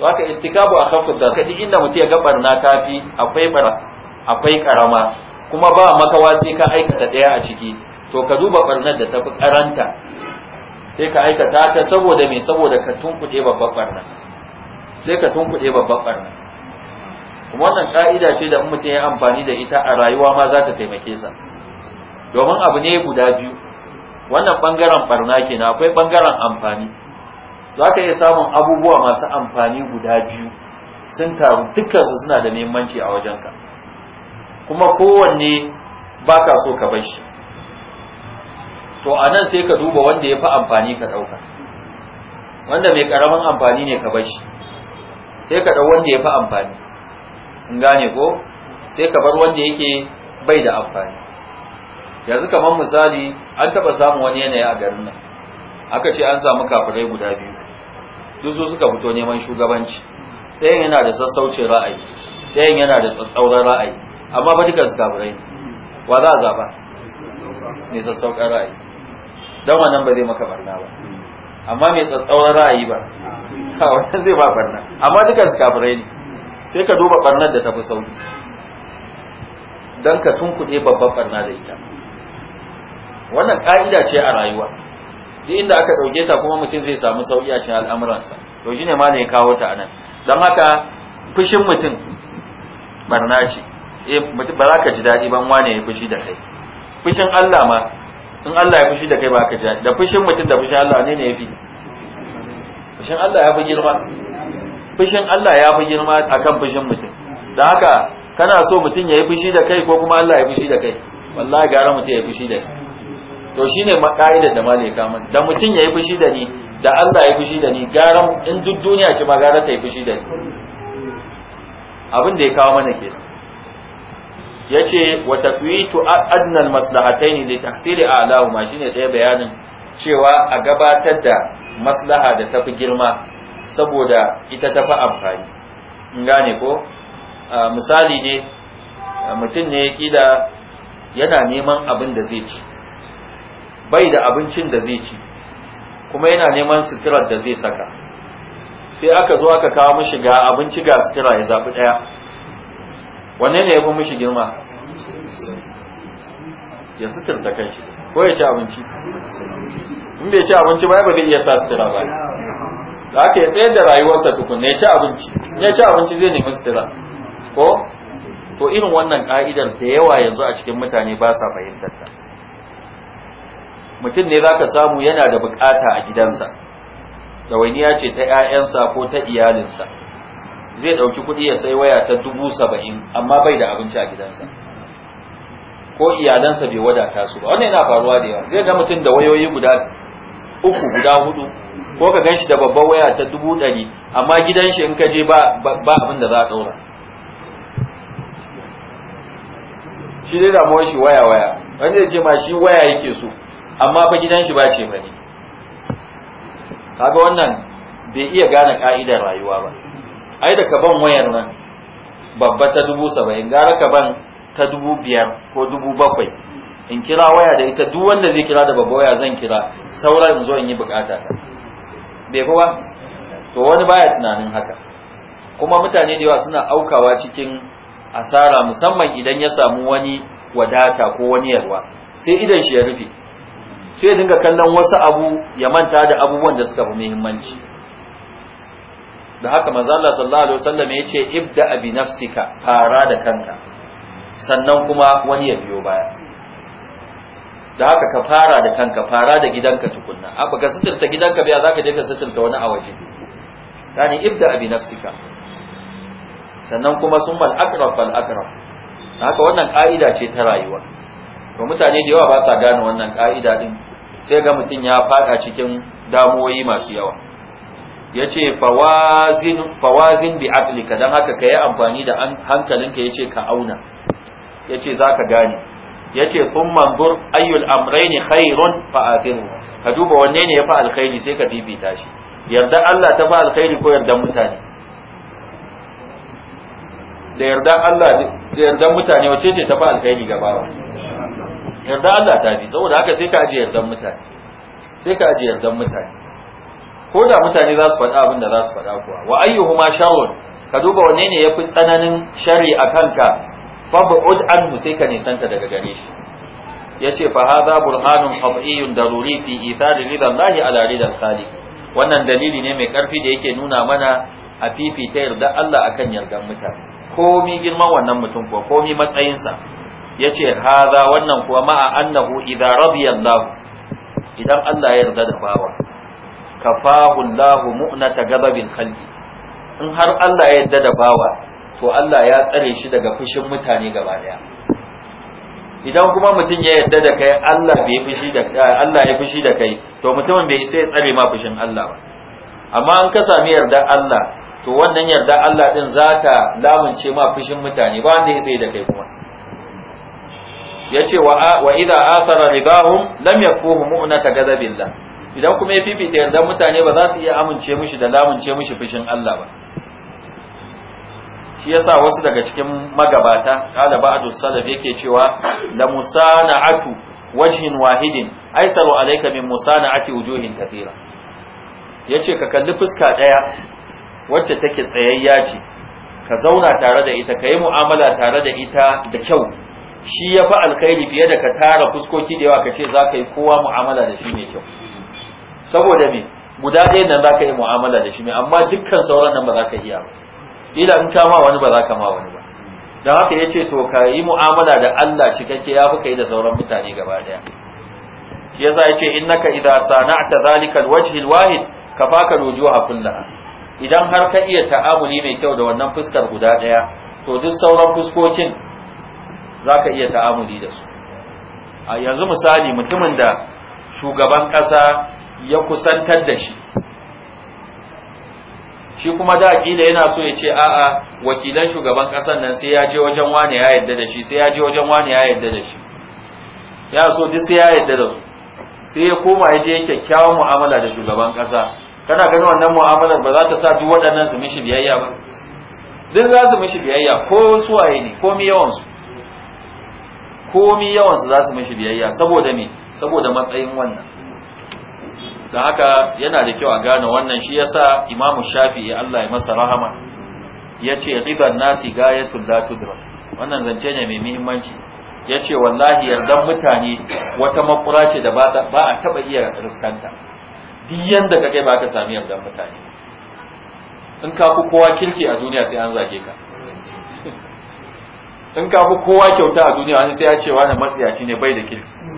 to haka ittikabu a kan da kadi inda mutum ya ga barna tafi akwai bara akwai karama kuma ba makawa sai ka aikata ɗaya a ciki to ka duba barnar da ta fi karanta sai ka aikata ta saboda me saboda ka tunkuɗe babbar barna sai ka tunkuɗe babbar barna kuma wannan ƙa'ida ce da in mutum ya amfani da ita a rayuwa ma za ta taimake sa domin abu ne guda biyu wannan bangaren barna kenan akwai bangaren amfani za ka iya samun abubuwa masu amfani guda biyu sun taru dukkansu suna da muhimmanci a wajenka kuma kowanne ba ka so ka bar shi to a nan sai ka duba wanda ya fi amfani ka ɗauka wanda mai ƙaramin amfani ne ka bashi sai ka ɗau wanda ya fi amfani in gane ko sai ka bar wanda yake bai da amfani yanzu kamar misali an taɓa samun wani yanayi a garin nan aka ce an samu kafirai guda biyu duk su suka fito neman shugabanci ɗayan yana da sassaucin ra'ayi ɗayan yana da tsatsauran ra'ayi amma ba dukansu kafirai ne wa za a zaba ne sassaukar ra'ayi dan wannan ba zai maka barna ba amma mai tsatsauran ra'ayi ba a wannan zai ba barna amma duka su kafirai ne sai ka duba barnar da tafi sauki don ka tunkuɗe babban barna da ita wannan ƙa'ida ce a rayuwa duk inda aka ɗauke ta kuma mutum zai samu sauƙi a cikin al'amuransa to shi ne ma ne kawo ta anan don haka fushin mutum barna ce eh, ba za ka ji daɗi ban wane ya fushi da kai fushin Allah ma in Allah ya fushi da kai ba ka ji da fushin mutum da fushin Allah ne ne ya fi fushin Allah ya fi girma fushin Allah ya fi girma akan fushin mutum da haka kana so mutum ya yi fushi da kai ko kuma Allah ya fushi da kai wallahi gara mutum ya yi fushi da kai to shine ka'idar da malai kamun da mutum ya yi fushi da ni da Allah ya yi fushi da ni gara in duk duniya ce ma gara ta yi fushi da ni abin da ya kawo mana kenan Ya yace wa tafwitu adna da maslahatayn a alahu ma shine ɗaya bayanin cewa a gabatar da maslaha da tafi girma saboda ita tafi amfani in gane ko misali ne mutum ne ya kida yana neman abin da zai ci bai da abincin da zai ci kuma yana neman suturar da zai saka sai aka zo aka kawo mishi ga abinci ga sutura ya zaɓi ɗaya wanne ne ya fi mishi girma ya suturta kanshi ko ya ci abinci in bai ci abinci ba ba zai iya sa sutura ba da aka ya tsayar da rayuwarsa tukun ya ci abinci ya ci abinci zai nemi sutura ko to irin wannan ka'idar da yawa yanzu a cikin mutane ba sa fahimtar ta mutum ne za ka samu yana da bukata a gidansa dawainiya ce ta 'ya'yansa ko ta iyalinsa zai ɗauki kuɗi ya sai waya ta dubu saba'in amma bai da abinci a gidansa ko iyalansa bai wadata su ba wannan yana faruwa da yawa zai ga mutum da wayoyi guda uku guda hudu ko ka ganshi da babbar waya ta dubu ɗari amma gidan shi in ka je ba abin da za a ɗaura shi dai da shi waya waya wanda ya ce ma shi waya yake so amma fa gidan shi ba ce ba ne kaga wannan bai iya gane ka'idar rayuwa ba ai da ka ban wayar nan babba ta dubu saba'in gara ka ban ta dubu biyar ko dubu bakwai in kira waya da ita duk wanda zai kira da babba waya zan kira sauran in zo in yi bukata ta bai kowa to wani baya tunanin haka kuma mutane da yawa suna aukawa cikin asara musamman idan ya samu wani wadata ko wani yarwa sai idan shi ya rufe sai dinga kallon wasu abu ya manta da abubuwan da suka fi muhimmanci da haka manzo Allah sallallahu alaihi wasallam ya ce ibda bi nafsika fara da kanka sannan kuma wani ya biyo baya da haka ka fara da kanka fara da gidanka tukunna a baka sitirta gidanka biya zaka je ka sitirta wani a waje yani ibda bi nafsika sannan kuma summal aqrab fal aqrab haka wannan ka'ida ce ta rayuwa to mutane da yawa ba sa gane wannan ka'ida din sai ga mutun ya fada cikin damuwoyi masu yawa ya ce fawazin bi aqlika don haka ka yi amfani da hankalinka ya ce ka auna ya ce za ka gane ya ce kun manzur ayyul amraini khairun fa'afiru ka duba wanne ne ya fa alkhairi sai ka bibita shi yarda Allah ta fa alkhairi ko yarda mutane da yarda Allah da yarda mutane wace ce ta fa alkhairi gaba yarda Allah ta fi saboda haka sai ka aje yardan mutane sai ka aje yardan mutane ko da mutane za su faɗa abin da za su faɗa kuwa wa ma sharrun ka duba wanne ne yafi tsananin shari a kanka fa bu'ud anhu sai ka nisanta daga gare shi yace fa hadha burhanun qat'iyyun daruri fi ithari ridallahi ala ridal khaliq wannan dalili ne mai karfi da yake nuna mana a fifita yarda Allah akan yardan mutane komi girman wannan mutum ko komi matsayinsa yace hadha wannan kuwa ma'a annahu idza radiya Allah idan Allah ya yarda da bawa kafahu Allahu mu'nata gababin kalbi in har Allah ya yarda da bawa to Allah ya tsare shi daga fushin mutane gaba daya idan kuma mutum ya yarda da kai Allah bai fushi da Allah ya fushi da kai to mutumin bai sai tsare ma fushin Allah ba amma an ka sami yarda Allah to wannan yarda Allah din zaka lamunce ma fushin mutane ba wanda ya sai da kai kuma yace wa wa idza athara ribahum lam yakuhu mu'nata gadabillah idan kuma ya fifita yardar mutane ba za su iya amince mishi da lamunce mishi fushin Allah ba shi yasa wasu daga cikin magabata kala ba'du salaf yake cewa la musana'atu wajhin wahidin aisaru alayka min musana'ati wujuhin kathira yace ka kalli fuska daya wacce take tsayayya ce ka zauna tare da ita ka mu'amala tare da ita da kyau shi ya fa alkhairi fiye da ka tara fuskoki da yawa kace zaka yi kowa mu'amala da shi ne kyau saboda me guda ɗaya nan za ka yi mu'amala da shi ne amma dukkan sauran nan ba za ka iya ba ila in ka ma wani ba za ka ma wani ba don haka ya ce to ka yi mu'amala da Allah cikakke ya fi ka yi da sauran mutane gaba ɗaya shi yasa ya ce innaka idza sana'ta zalikal alwajhi alwahid kafaka rujuha kullu idan har ka iya ta'amuli mai kyau da wannan fuskar guda ɗaya to duk sauran fuskokin zaka iya ta'amuli da su a yanzu misali mutumin da shugaban ƙasa ya kusantar da shi shi kuma da aƙila yana so ya ce a'a wakilan shugaban ƙasar nan sai ya je wajen wani ya yarda da shi sai ya je wajen wani ya yarda da shi ya so duk sai ya yarda da su sai ya koma ya je kyakkyawan mu'amala da shugaban ƙasa kana ganin wannan mu'amalar ba za ta sa duk waɗannan su mishi biyayya ba duk za su mishi biyayya ko suwaye ne mi yawan su mi yawan su za su mishi biyayya saboda me saboda matsayin wannan da haka yana da kyau a gane wannan shi yasa imamu shafi'i Allah ya masa rahama ya ce riban nasi gayatul la tudra wannan zance ne mai muhimmanci ya ce wallahi yardan mutane wata makura ce da ba a taba iya riskanta duk yanda ka kai ba ka sami yardan mutane in ka ku kowa kirki a duniya sai an zage ka in ka ku kowa kyauta a duniya sai ya ce wani matsiyaci ne bai da kirki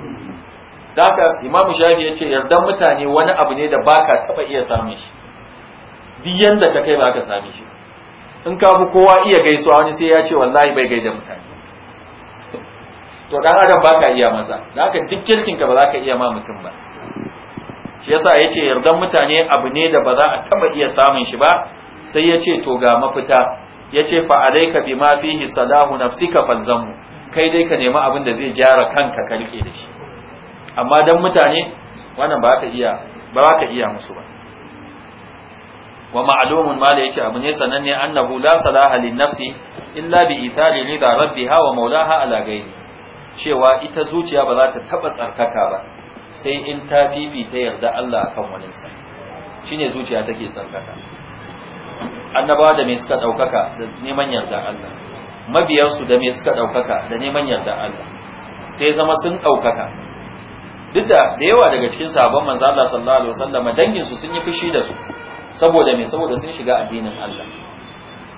daga imam shafi ya ce yardan mutane wani abu ne da baka taba iya samun shi duk yanda ka kai baka sami shi in ka bu kowa iya gaisuwa wani sai ya ce wallahi bai gaida mutane to dan adam baka iya masa da haka duk kirkin ka ba za ka iya ma mutum ba shi yasa ya ce yardan mutane abu ne da ba za a taba iya samun shi ba sai ya ce to ga mafita ya ce fa alaika bima fihi salahu nafsika falzamu kai dai ka nemi abin da zai gyara kanka ka rike da shi amma dan mutane wannan ba ka iya ba ka iya musu ba wa ma'lumun ma da yake abu ne sananne annahu la salaha lin nafsi illa bi itali li rabbiha wa maulaha ala gairi cewa ita zuciya ba za ta taba tsarkaka ba sai in ta bibi ta yarda Allah akan wani sa shine zuciya take tsarkaka annabawa da me suka daukaka da neman yarda Allah mabiyarsu da me suka daukaka da neman yarda Allah sai zama sun daukaka duk da da yawa daga cikin sabon manzo Allah sallallahu alaihi wasallam dangin su sun yi fushi da su saboda me saboda sun shiga addinin Allah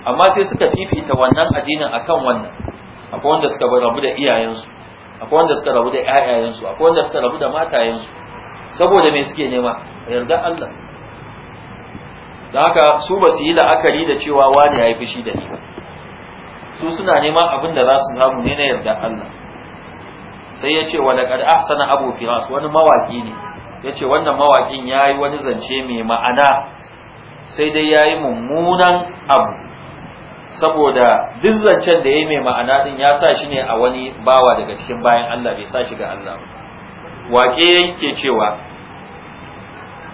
amma sai suka fifita wannan addinin akan wannan akwai wanda suka rabu da iyayensu akwai wanda suka rabu da su akwai wanda suka rabu da matayensu saboda me suke nema yarda Allah don haka su ba su yi la'akari da cewa wani ya yi fushi da ni su suna neman abin da za su samu ne na yarda Allah sai ya ce wa kada ahsana abu firas wani mawaki ne ya ce wannan mawakin ya yi wani zance mai ma'ana sai dai ya yi mummunan abu saboda duk zancen da ya yi mai ma'ana din ya sa shi ne a wani bawa daga cikin bayan Allah bai sa shi ga Allah waƙe yake cewa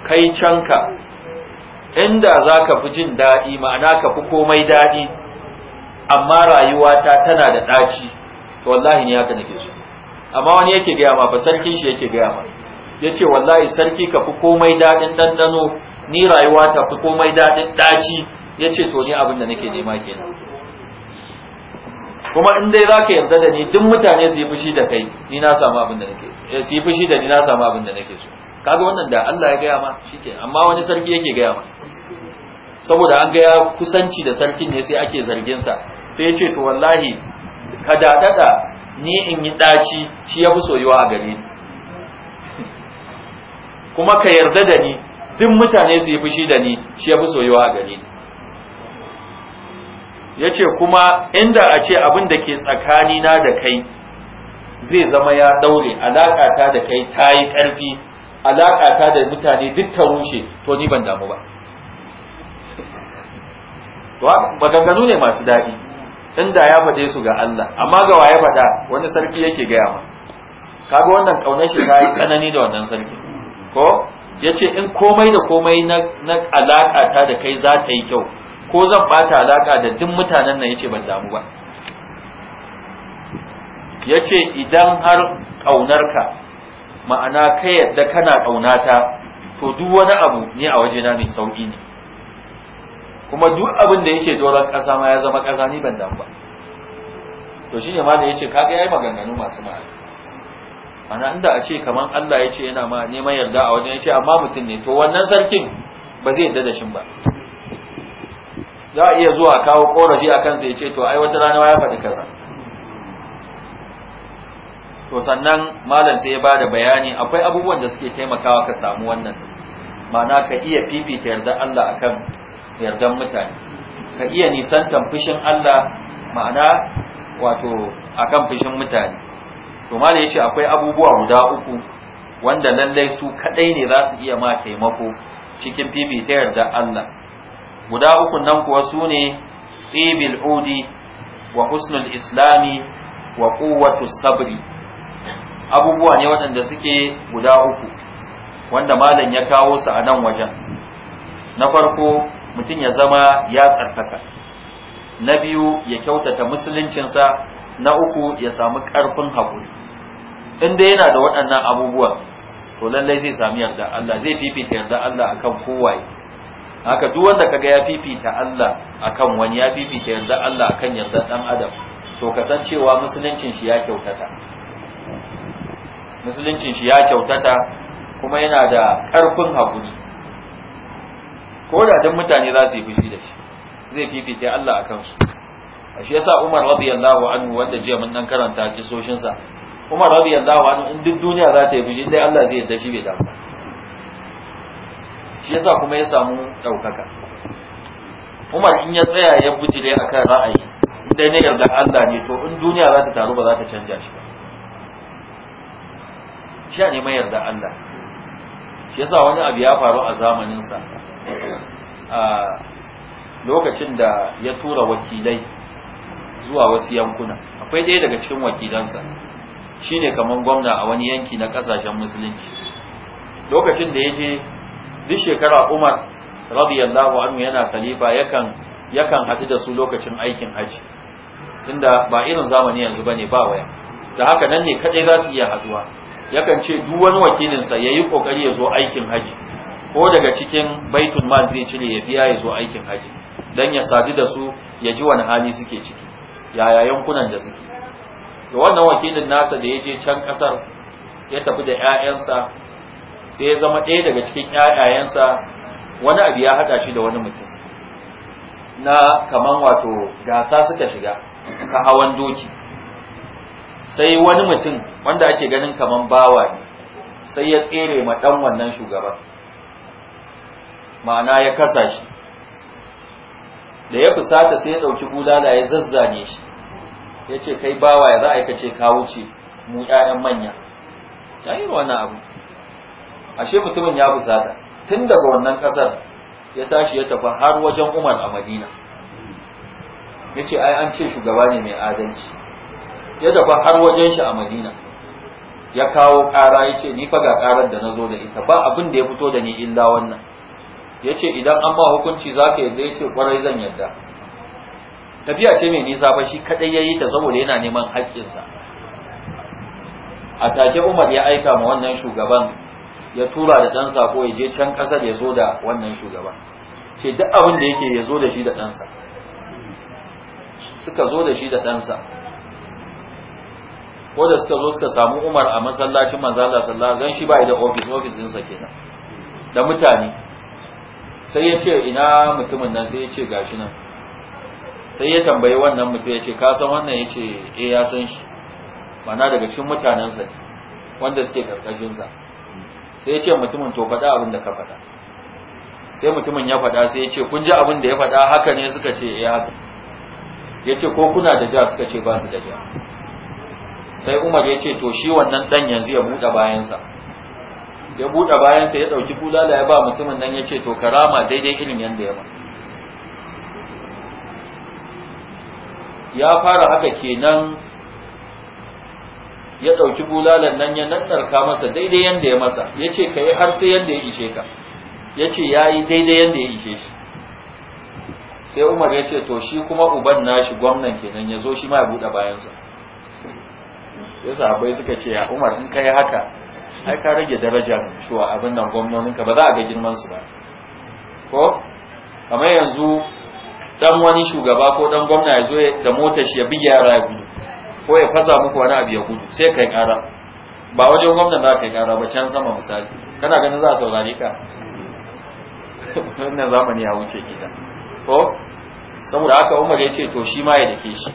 kai canka inda za ka fi jin daɗi ma'ana ka fi komai daɗi amma rayuwata tana da ɗaci to wallahi ne haka nake so amma wani yake gaya ma ba sarkin shi yake gaya ma ya ce wallahi sarki ka fi komai daɗin ɗanɗano ni rayuwa ta fi komai daɗin ɗaci ya ce to ni abin da nake nema kenan kuma in dai za ka yarda da ni duk mutane su yi fushi da kai ni na samu abin da nake so eh, su yi fushi da ni na samu abin da nake so kaga wannan da Allah ya gaya ma shike amma wani sarki yake gaya ma saboda an gaya kusanci da sarkin ne sai ake zargin sa sai ya ce to wallahi ka dadada ni in yi ɗaci shi ya fi soyuwa a gare ni kuma ka yarda da ni duk mutane su yi fushi da ni shi ya fi soyuwa a gare ni ya ce kuma inda a ce abin da ke tsakanina da kai zai zama ya ɗaure alaƙata da kai ta yi ƙarfi alaƙata da mutane duk ta rushe to ni ban damu ba maganganu ne masu daɗi inda ya faɗe su ga Allah amma ga waye faɗa wani sarki yake gaya ma kaga wannan kaunar shi ta yi tsanani da wannan sarki ko yace in komai da komai na na alaka ta da kai za ta yi kyau ko zan bata alaka da duk mutanen nan yace ban damu ba yace idan har ka ma'ana kai yadda kana kaunata to duk wani abu ne a wajena mai sauki ne kuma duk abin da yake doron ƙasa ma ya zama ƙasa ni ban damu ba to shine ma da yace kaga yayi maganganu masu ma'ana ana inda a ce kaman Allah ya ce yana ma neman yarda a wajen ya amma mutum ne to wannan sarkin ba zai yarda da shin ba za a iya zuwa kawo korafi a kansa ya to ai wata rana ya faɗi kaza to sannan malam sai ya bada bayani akwai abubuwan da suke taimakawa ka samu wannan ma'ana ka iya fifita yarda Allah akan yardan mutane ka iya nisan fushin Allah ma'ana wato akan fushin mutane to malai yace akwai abubuwa guda uku wanda lallai su kadai ne za su iya ma taimako cikin fifita yarda Allah guda uku nan kuwa su ne tsibil udi wa husnul islami wa quwwatu sabri abubuwa ne waɗanda suke guda uku wanda malam ya kawo su a nan wajen na farko mutum ya zama ya tsarkaka na biyu ya kyautata musuluncinsa na uku ya samu ƙarfin haƙuri in dai yana da waɗannan abubuwan to lallai zai sami yarda Allah zai fifita yarda Allah akan kowaye haka duk wanda kaga ya fifita Allah akan wani ya fifita yarda Allah akan yarda dan adam to kasancewa musuluncin shi ya kyautata musuluncin shi ya kyautata kuma yana da ƙarfin haƙuri ko da dan mutane za su yi fushi da shi zai fifita Allah akan su shi yasa Umar radiyallahu anhu wanda jiya mun dan karanta kisoshin sa Umar radiyallahu anhu in duk duniya za ta yi fushi dai Allah zai yarda shi bai damu shi yasa kuma ya samu daukaka Umar in ya tsaya ya bujire akan ra'ayi dai na yarda Allah ne to in duniya za ta taru ba za ta canja shi ba shi ne mai yarda Allah yasa wani abu ya faru a zamaninsa a lokacin da ya tura wakilai zuwa wasu yankuna akwai ɗaya daga cikin wakilansa shine kamar gwamna a wani yanki na ƙasashen musulunci lokacin da ya je duk shekara umar radiyallahu anhu yana khalifa yakan yakan haɗu da su lokacin aikin haji tunda ba irin zamani yanzu bane ba waya da haka nan ne kaɗai za su iya haɗuwa yakan ce duk wani wakilinsa ya yi ƙoƙari ya zo aikin haji ko daga cikin baitul mal zai cire ya biya ya zo aikin haji dan ya sadu da su ya ji wani hali suke ciki yaya yankunan da suke da wannan wakilin nasa da ya je can ƙasar ya tafi da 'ya'yansa sai ya zama ɗaya daga cikin 'ya'yayensa wani abu ya haɗa shi da wani mutum na kaman wato gasa suka shiga ka hawan doki sai wani mutum wanda ake ganin kaman bawa ne sai ya tsere ma dan wannan shugaban ma'ana ya kasa shi da ya fusata sai ya ɗauki bulala ya zazzane shi ya ce kai bawa ya za a yi ka ce wuce mu ƴaƴan manya ta yi wani abu ashe mutumin ya fusata tun daga wannan ƙasar ya tashi ya tafi har wajen umar a madina ya ce ai an ce shugaba ne mai adalci ya dafa har wajen shi a madina ya kawo ƙara ya ce ni fa ga ƙarar da na zo da ita ba abin da ya fito da ni illa wannan ya ce idan an ba hukunci za ka yadda ya ce kwarai zan yadda tafiya ce mai nisa ba shi kaɗai ya yi ta saboda yana neman haƙƙinsa a take umar ya aika ma wannan shugaban ya tura da ɗan sako ya je can ƙasar ya zo da wannan shugaban ce duk abin da yake ya zo da shi da ɗansa suka zo da shi da ɗansa ko da suka zo suka samu Umar a masallacin manzo Allah sallallahu alaihi wasallam shi ba da office office sa kenan da mutane sai ya ce ina mutumin nan sai ya ce gashi nan sai ya tambayi wannan mutum ya ce ka san wannan ya ce eh ya san shi mana daga cikin mutanensa ne wanda suke sa sai ya ce mutumin to faɗa abin da ka faɗa sai mutumin ya faɗa sai ya ce kun ji abin da ya faɗa haka ne suka ce eh haka ya ce ko kuna da ja suka ce ba su da ja sai umar ya ce to shi wannan dan yanzu ya buɗe bayansa ya buɗe bayansa ya ɗauki bulala ya ba mutumin nan ya ce to karama daidai irin yadda ya ya fara haka kenan ya ɗauki bulalan nan ya nannarka masa daidai yadda ya masa ya ce ka yi har sai yadda ya ishe ka ya ce ya yi daidai yadda ya ishe shi sai umar ya ce to shi kuma uban nashi gwamnan kenan ya zo shi ma ya buɗe bayansa sai sahabbai suka ce ya umar in kai haka ai ka rage darajar shuwa abin nan gwamnoninka ba za a ga girman su ba ko kamar yanzu dan wani shugaba ko dan gwamna ya zo da mota shi ya bi yara ya gudu ko ya fasa muku wani abu ya gudu sai kai kara ba wajen gwamnan za ka yi kara ba can sama misali kana ganin za a saurare ka wannan zamani ya wuce gida ko saboda haka umar ya ce to shi ma ya dake shi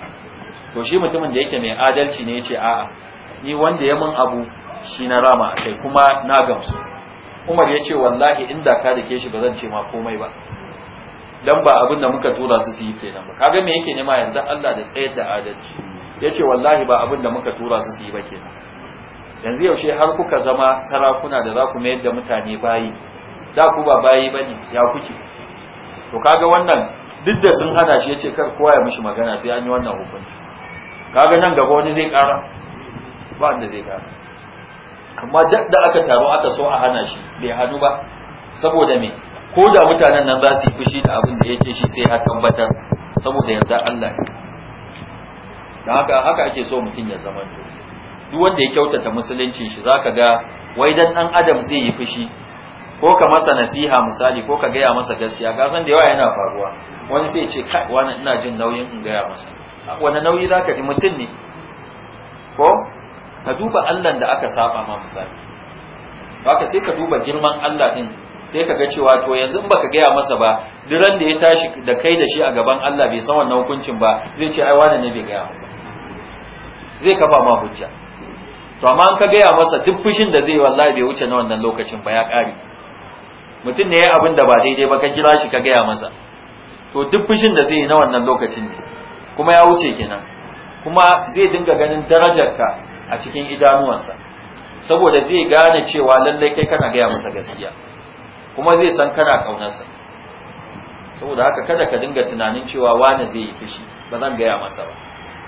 to shi mutumin da yake mai adalci ne ya ce a'a ni wanda ya mun abu shi na rama a kai kuma na gamsu umar ya ce wallahi inda ka dake shi ba zan ce ma komai ba dan ba abin da muka tura su su yi kenan ba kaga me yake nema yanzu Allah da tsayar da adalci Ya ce, wallahi ba abin da muka tura su su yi ba kenan yanzu yaushe har kuka zama sarakuna da za ku mayar da mutane bayi da ku ba bayi bane ya kuke to kaga wannan duk da sun hana shi yace kar kowa ya mishi magana sai an yi wannan hukunci kaga nan gaba wani zai kara ba wanda zai gano amma duk da aka taru aka so a hana shi bai hadu ba saboda me ko da mutanen nan za su yi fushi da abin da ya ce shi sai a tabbatar saboda yarda Allah ne dan haka haka ake so mutum ya zama duk wanda ya kyautata musulunci shi zaka ga wai dan dan adam zai yi fushi ko ka masa nasiha misali ko ka gaya masa gaskiya ga san da yawa yana faruwa wani sai ce kai wani ina jin nauyin in gaya masa wani nauyi zaka ji mutum ne ko ka duba Allah da aka saba ma misali haka sai ka duba girman Allah din sai ka ga cewa to yanzu in baka gaya masa ba duran da ya tashi da kai da shi a gaban Allah bai san wannan hukuncin ba zai ce ai wani ne bai gaya ba zai kafa ma hujja to amma an ka gaya masa duk fushin da zai wallahi bai wuce na wannan lokacin ba ya kare mutum ne ya abin da ba daidai ba ka jira shi ka gaya masa to duk fushin da zai yi na wannan lokacin ne kuma ya wuce kenan kuma zai dinga ganin darajarka a cikin idanuwansa saboda zai gane cewa lallai kai kana gaya masa gaskiya kuma zai san kana kaunarsa saboda haka kada ka dinga tunanin cewa wani zai yi fushi ba zan gaya masa ba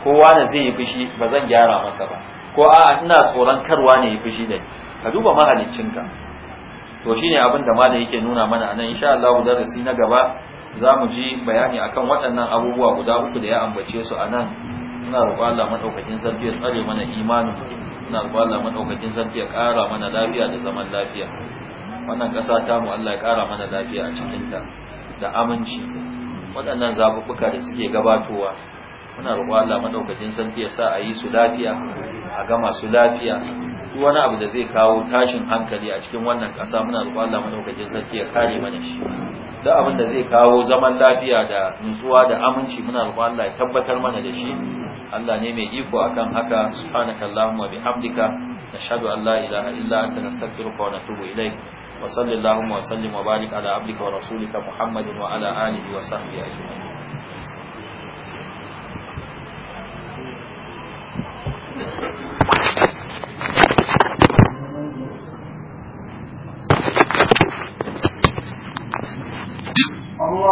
ko wani zai yi fushi ba zan gyara masa ba ko a ina tsoron karwa ne yi fushi da ni ka duba ka to shine abin da malam yake nuna mana anan insha Allah darasi na gaba za mu ji bayani akan waɗannan abubuwa guda uku da ya ambace su anan ina roƙo Allah madaukakin sarki ya tsare mana imani ina roƙo Allah madaukakin sarki ya ƙara mana lafiya da zaman lafiya wannan ƙasa ta mu Allah ya ƙara mana lafiya a cikin ta da aminci waɗannan zaɓuɓɓuka da suke gabatowa muna roƙo Allah madaukakin sarki ya sa a yi su lafiya a gama su lafiya duk wani abu da zai kawo tashin hankali a cikin wannan ƙasa muna roƙo Allah madaukakin sarki ya kare mana shi duk abin da zai kawo zaman lafiya da nutsuwa da aminci muna roƙon Allah ya tabbatar mana da shi Allah ne mai iko akan haka subhanakallahumma bihamdika nashhadu an la ilaha illa anta nastaghfiruka wa natubu ilayk wa sallallahu wa sallim wa barik ala abdika wa rasulika muhammadin wa ala alihi wa sahbihi ajma'in Allah